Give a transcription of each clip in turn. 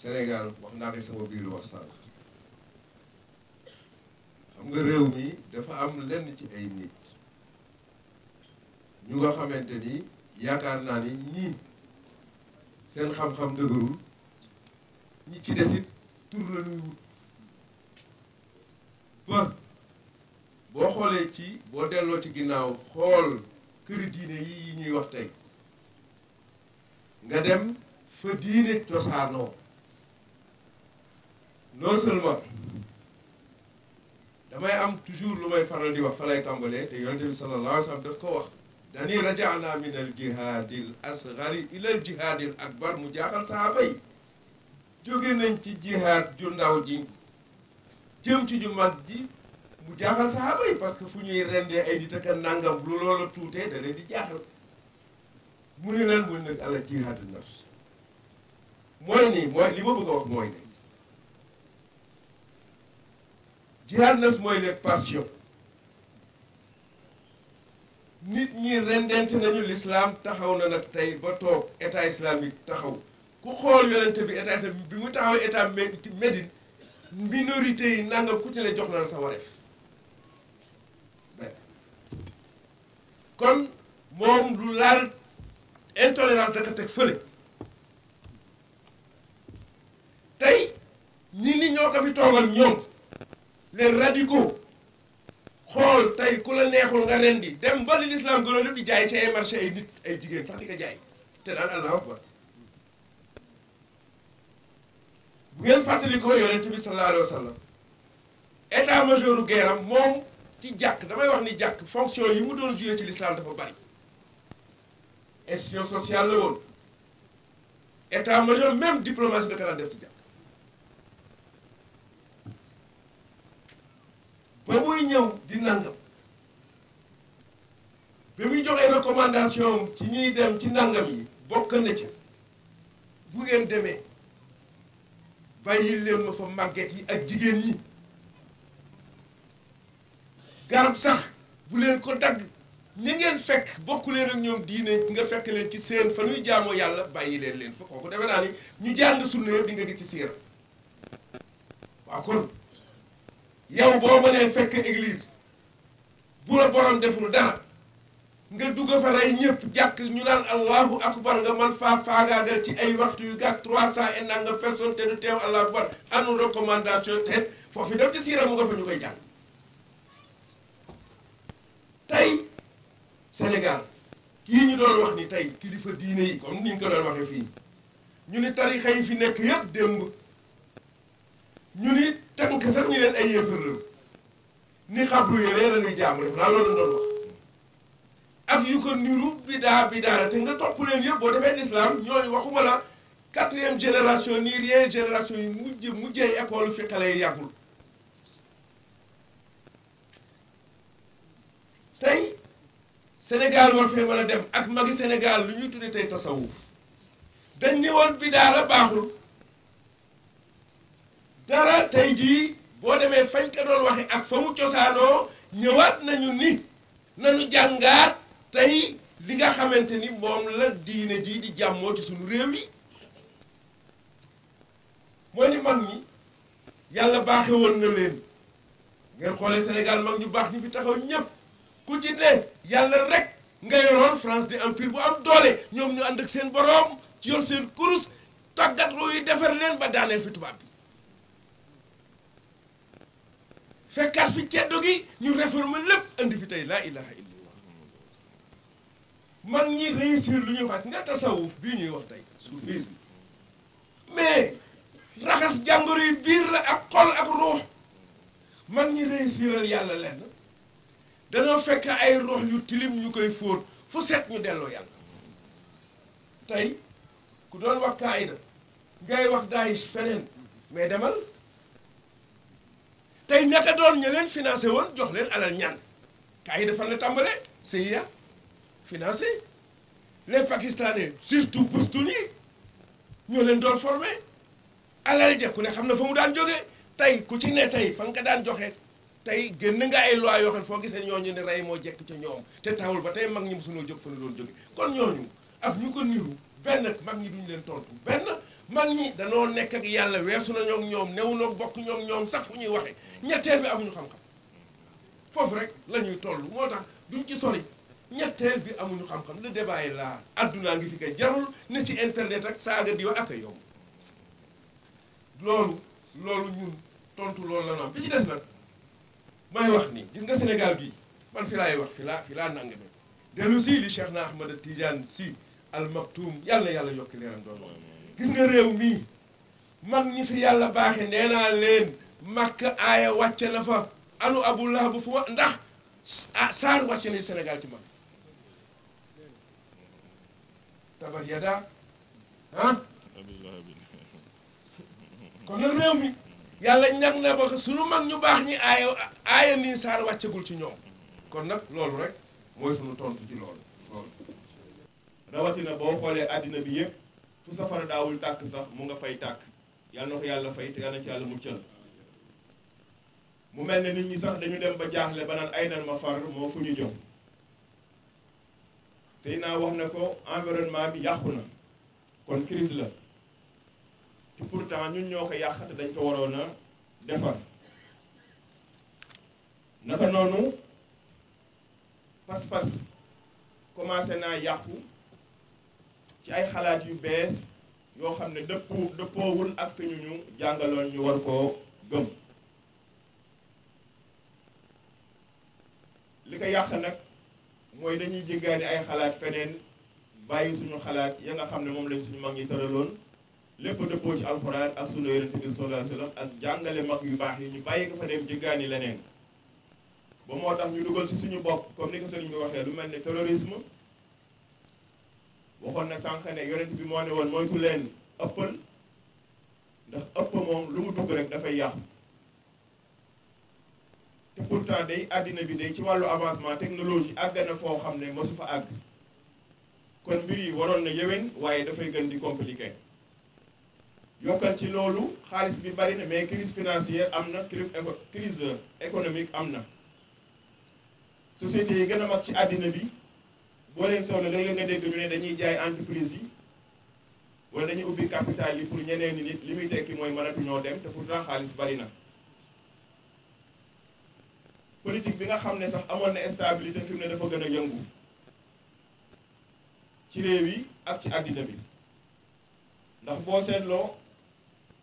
Sénégal wax naa ko sama biir wax sànq xam nga réew mi dafa am lenn ci ay nit ñu nga xamante ni yaakaar naa ni ñii seen xam-xam dëgërul ñi ci desit tur la wut boo xoolee ci boo delloo ci ginnaaw xool këri diine yi ñuy wax tey nga dem fa diine cosaanoo non seulement damay am toujours lu may faral di wax fa lay tàmbalee te yonente bi sallallahu alayhi wa daf ko wax dani rajaana min al jihaadil asgari ilal jihaadil akbar mu jaaxal sahaaba yi jóge nañ ci jihaad ju ndaw ji jëm ci ju mag ji mu jaaxal saxaaba yi parce que fu ñuy rendee ay nit ak nangam lu loola tuutee da leen di jaaxal mu ne lan mun nag ala jihaadu nafs mooy ni mooy li ma bëgg a nañu l'islam taxaw na nag tey ba toog état islamique taxaw ku xool yonente bi état islamique bi mu taxaw état Médine minorité yi nangam ku ci ne jox na la sa wareef kon moom lu laal intolérance da ko teg fële tey ñi ni ñoo ko fi toogal ñoom les radicaux xool tey ku la neexul nga ren di dem ba li lislaam gënoon yëpp di jaay ci ay marché ay nit ay jigéen sax di ko jaay te daal allah akbar bu ngeen fàttali ko yonent bi sallallahu alayhi wa sallam état moom ci jàkk damay wax ni jàkk fonction yi mu doon joué ci l'islam dafa bari institution social la woon état major même diplomatie da ko daan def ci jàkk ba muy ñëw di nangam ba muy joxee recommandation ci ñuy dem ci nangam yi bokk na ci bu ngeen demee bàyyi leen ma fa màgget yi ak jigéen ñi garab sax bu leen ko dagg ñi ngeen fekk bokk leen ak ñoom diine nga fekk leen ci seen fa nuy jaamoo yàlla bàyyi leen leen fa kooku defe naa ni ñu jàng sunna yëpp di nga gis ci siira waaw kon yow boo mënee fekk église bu la borom deful dara nga dugg fa rey ñëpp jàkk ñu naan allahu akbar nga man faa faagaagal ci ay waxtu yu gàtt 300 et nangam personne te du teew allahu akbar amul recommandation te foofu def ci siira mu nga fa ñu koy jàng tey Sénégal kii ñu doon wax ni tey kilifa diine yi comme ni ñu ko doon waxee fii ñu ni tarixa yi fi nekk yépp démb ñu ni tënk sax ñu leen ay yéefar la ni xabru yi leen lañuy jaamu def naa loolu doon wax ak yu ko niru bidaa bidaa la te nga topp leen yëpp boo defee lislaam ñooñu waxuma la quatrième génération nii rien génération yi mujj mujjee école fi xale yi yàggul Sénégal war fee mën a dem ak magi senegaal lu ñuy tudde tey tasawuf dañ ni woon bidaa la baaxul dara tey jii boo demee fañ ko doon waxe ak fa mu cosaanoo ñëwaat nañu ni nañu jàngaat tey li nga xamante ni moom la diine jii di jàmmoo ci suñu réew yi moo ni mag ñi yàlla baaxe woon na leen ngeen xoolee Sénégal mag ñu baax ñi fi taxaw ñépp ku ci ne rek nga yoron France di empire bu am doole ñom ñu and ak seen borom ci yor seen kurus tàggat yi defer leen ba daaneel fi tuba bi fekkaat fi ceddo gi ñu reforme lepp andi fi tay la ilaha illallah man ñi réussir lu ñu wax nga tasawuf bi ñuy wax tay soufisme mais raxas jàngoro yi biir ak xol ak ruh man ñi réussir yalla lenn dana fekk ay rox yu tilim ñu koy fóot fu set ñu delloo yàlla tey ku doon wax kaayida ngay wax Daesh feneen mais demal tey ñaka doon ña leen financé woon jox leen alal ñaan kaayida fan la tàmbalee CIA financé les pakistanais surtout Pashtun yi ñoo leen doon forme alal ja ku ne xam ne fa mu daan jógee tey ku ci ne tey fa nga ko daan joxe tey génn nga ay loi yoo xam foo gisee ñooñu ne rey moo jekk ca ñoom te taxawul ba tey mag ñi mosunoo jóg fa na doon jóge kon ñooñu ak ñu ko benn mag ñi duñu leen tontu benn mag ñi danoo nekk ak yàlla weesu na ñoom ñoom new noog ñoom sax fu ñuy waxee ñetteel bi amuñu xam-xam foofu rek la ñuy toll moo tax duñ ci sori ñetteel bi amuñu xam-xam le débat yi laa ngi fi kay jarul ci internet ak saaga diwa ak a yomb loolu ñun tontu loolu la ñu am bi ci des nag may wax nii gis nga Sénégal gii man fi laay wax fi laa fi laa nangame dellu si li Cheikh na Ahmada Tidiane si al maktum yàlla yàlla yokki leeram doon wax gis nga réew mii mag ñi fi yàlla baaxe nee naa leen màkk aaya wàcce na fa anu abu lahab fu wa ndax ah, saar wàcce na Sénégal ci mag tabar yada ah kon nag réew mi yàlla ñag na ba suñu mag ñu baax ñi aaya aaya nii saar wàccagul ci ñoom kon nag loolu rek mooy suñu tontu ci loolu rawatina boo xoolee àddina bi yëpp fu safara daawul tàkk sax mu nga fay tàkk yàlla na fay te yàlla ci yàlla muccal mu mel ne nit ñi sax dañu dem ba jaaxle ba naan ay nan ma far moo fu ñu jëm Seyna wax na ko environnement bi yàqu na kon crise la te pourtant ñun ñoo ko yàq te dañ ko waroon a defar naka noonu pas-pas commencé naa yàqu ci ay xalaat yu bees yoo xam ne dëppoo dëppoowul ak fi ñu ñu jàngaloon ñu war koo gëm li ko yàq nag mooy dañuy jéggaani ay xalaat feneen bàyyi suñu xalaat ya nga xam ne moom lañ suñu mag ñi tëraloon lépp dëppoo ci alxuraan ak sunna yonente bi sallallahu alayhi ak jàngale mag yu baax yi ñu bàyyi ko fa dem jëggaani leneen ba moo tax ñu dugal si suñu bopp comme ni ko sëriñ bi waxee lu ne terrorisme waxoon na sànq ne yonent bi moo ne woon moytu leen ëppal ndax ëpp moom lu mu dugg rek dafay yàqu te pourtant day àddina bi day ci wàllu avancement technologie àgg foo xam ne mosu fa àgg kon mbir yi waroon na yéwén waaye dafay gën di compliqué yokkal ci loolu xaalis bi bari na mais crise financière am na crise économique amna société yi gëna mag ci adina bi bo leen soone léeg-léeg nga dégg ñu né dañuy jaay entreprise yi wala dañuy ubbi capital yi pour ñeneen nit li muy tekki mooy ñoo dem te pourtant xaalis bari na politique bi nga xam ne sax amoon na stabilité fi mu ne dafa gën a yëngu ci réew yi ak ci àddina bi ndax boo seetloo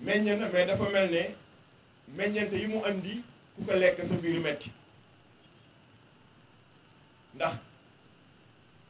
meññe na mais dafa mel ne meññeente yi mu andi ku ko lekk sa biir metti ndax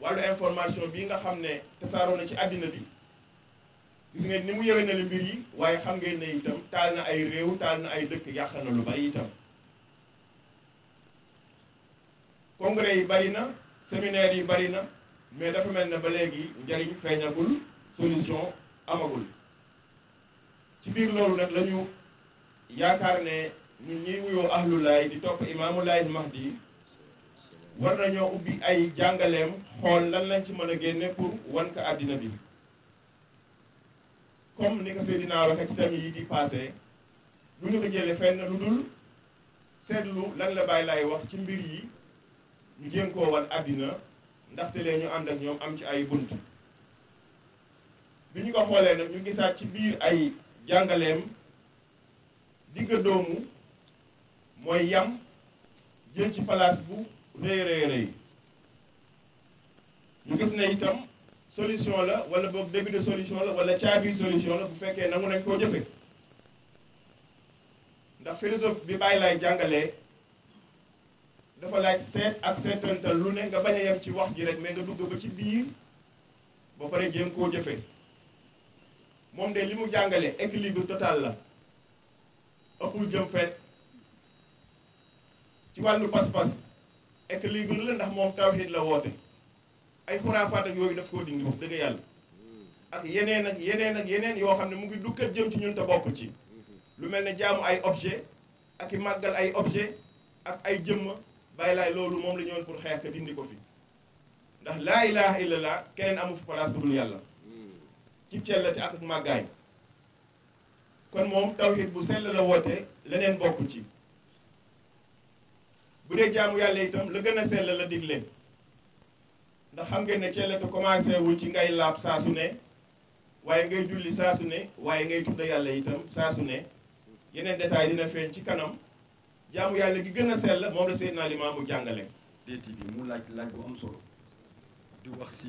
wàllu information bii nga xam ne tasaaroo na ci àddina bi gis ngeen ni mu yewee na la mbir yi waaye xam ngeen ne itam taal na ay réew taal na ay dëkk yàq na lu bari itam congrès yi bari na séminaire yi bari na mais dafa mel ne ba léegi njëriñ feeñagul solution amagul ci biir loolu nag lañu ñu yaakaar ne ñun ñuy wuyoo ahlulaay di topp imaamu laay mahdi war nañoo ubbi ay jàngaleem xool lan lañ ci mën a génne pour wan àddina bi comme ni ko dinaa waxee ci tam yi di passé du ñu ko jële fenn lu dul seetlu lan la bàyyi laay wax ci mbir yi ñu jéem koo wan àddina ndaxte lee ñu ànd ak ñoom am ci ay bunt bi ñu ko xoolee nag ñu gisaat ci biir ay jàngaleem digga doomu mooy yam jël ci place bu rëy rëy rëy ñu gis ne itam solution la wala boog début de solution la wala caabi solution la bu fekkee nangu nañ koo jëfe ndax philosophe bi bàyyi laay jàngalee dafa laaj seet ak seetantal lu ne nga bañ a ci wax ji rek mais nga dugg ba ci biir ba pare jéem koo jëfe moom de li mu jàngale équilibre total la ëppul jëm fenn ci wàllu pas-pas équilibre la ndax moom tawhid la woote ay xuraafaat ak yooyu daf koo dindi wax dëgg yàlla ak yeneen ak yeneen ak yeneen yoo xam ne mu ngi dukkat jëm ci ñun te bokk ci lu mel ne jaamu ay objet ak yi màggal ay objet ak ay jëmm bàyyi laay loolu moom la ñoon pour xeex ka dindi ko fi ndax laa ilaha illallah keneen amu fi place bu dul yàlla ci cellati ak ak màggaay kon moom tawhid bu sell la woote leneen bokku ci bu dee jaamu yàlla itam la gën a sell la digle ndax xam ngeen ne cellatu commencé wu ci ngay laab saa su ne waaye ngay julli saa su ne waaye ngay tudd yàlla itam saa su ne yeneen détail dina feeñ ci kanam jaamu yàlla gi gën a sell moom la Seydina Limaamu jàngale. DTV mu laaj laaj bu am solo di wax si.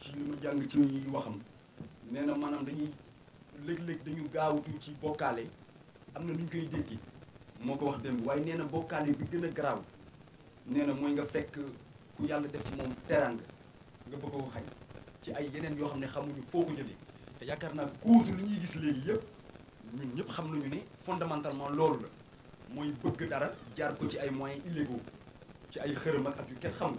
ci li mu jàng ci ñuy waxam nee na maanaam dañuy léeg-léeg dañu gaawutu ci bokkaale am na lu ñu koy déggi moo ko wax démb waaye nee na bokkaale bi gën a garaaw nee na mooy nga fekk ku yàlla def ci moom teraanga nga bëgg ko xañ ci ay yeneen yoo xam ne xamuñu foo ko jëlee te yaakaar naa cause lu ñuy gis léegi yëpp ñun ñëpp xam nañu ne fondamentalement loolu la mooy bëgg dara jaar ko ci ay moyen illégaux ci ay xërëm ak yu kenn xamul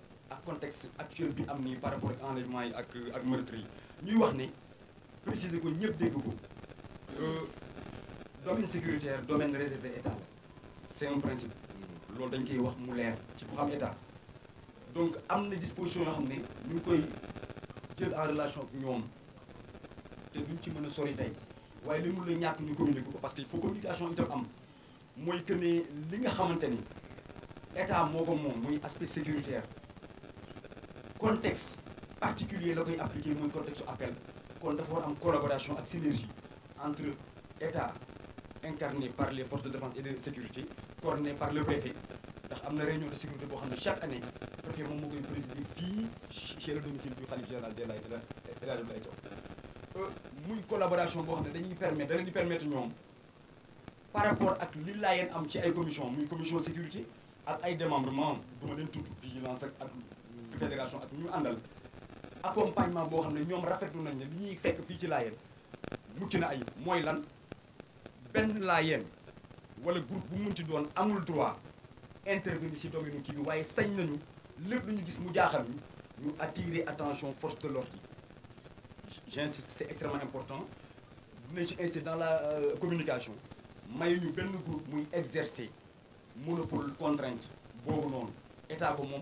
ak contexte actuel bi am par rapport ak enlèvement yi ak ak meurtre yi ñuy wax ne préciser ko ñëpp dégg ko euh, domaine sécuritaire domaine réservé état la c'est un principe loolu dañ koy wax mu leer ci ku xam état donc am na disposition yoo xam ne ñu ngi koy jël en relation ak ñoom te duñ ci mën a sori tey waaye li mu la ñàkk ñu communiquer ko parce que il faut communication itam am mooy que ne li nga xamante ni état moo ko moom muy aspect sécuritaire contexte particulier la koy appliquer le contexte appel kon dafa war am collaboration ak synergie entre état incarné par les forces de défense et de sécurité coordonné par le préfet ndax a une réunion de sécurité pour chaque année préfet moom présider chez le domicile du khalife général de euh, collaboration pour xam ne dañuy permettre permettre par rapport à li laayeen am ci ay commission de commission sécurité ak ay membres, vous leen tout, vigilance fédération ak ñu andal accompagnement bo xamné ñom ñoom rafetlu nañ ne li ñuy fekk fii ci laayeen mucc na ayib lan ben laayeen wala groupe bu mun ci doon amul droit intervenir ci domaine kii bi waye sañ nañu nous lu ñu gis mu jaaxal ñu attirer attention force de l'ordre j'insiste c'est extrêmement important dinañ ci insister dans la euh, communication may ñu ben groupe muy exercer monopole contrainte boobu non état ko mom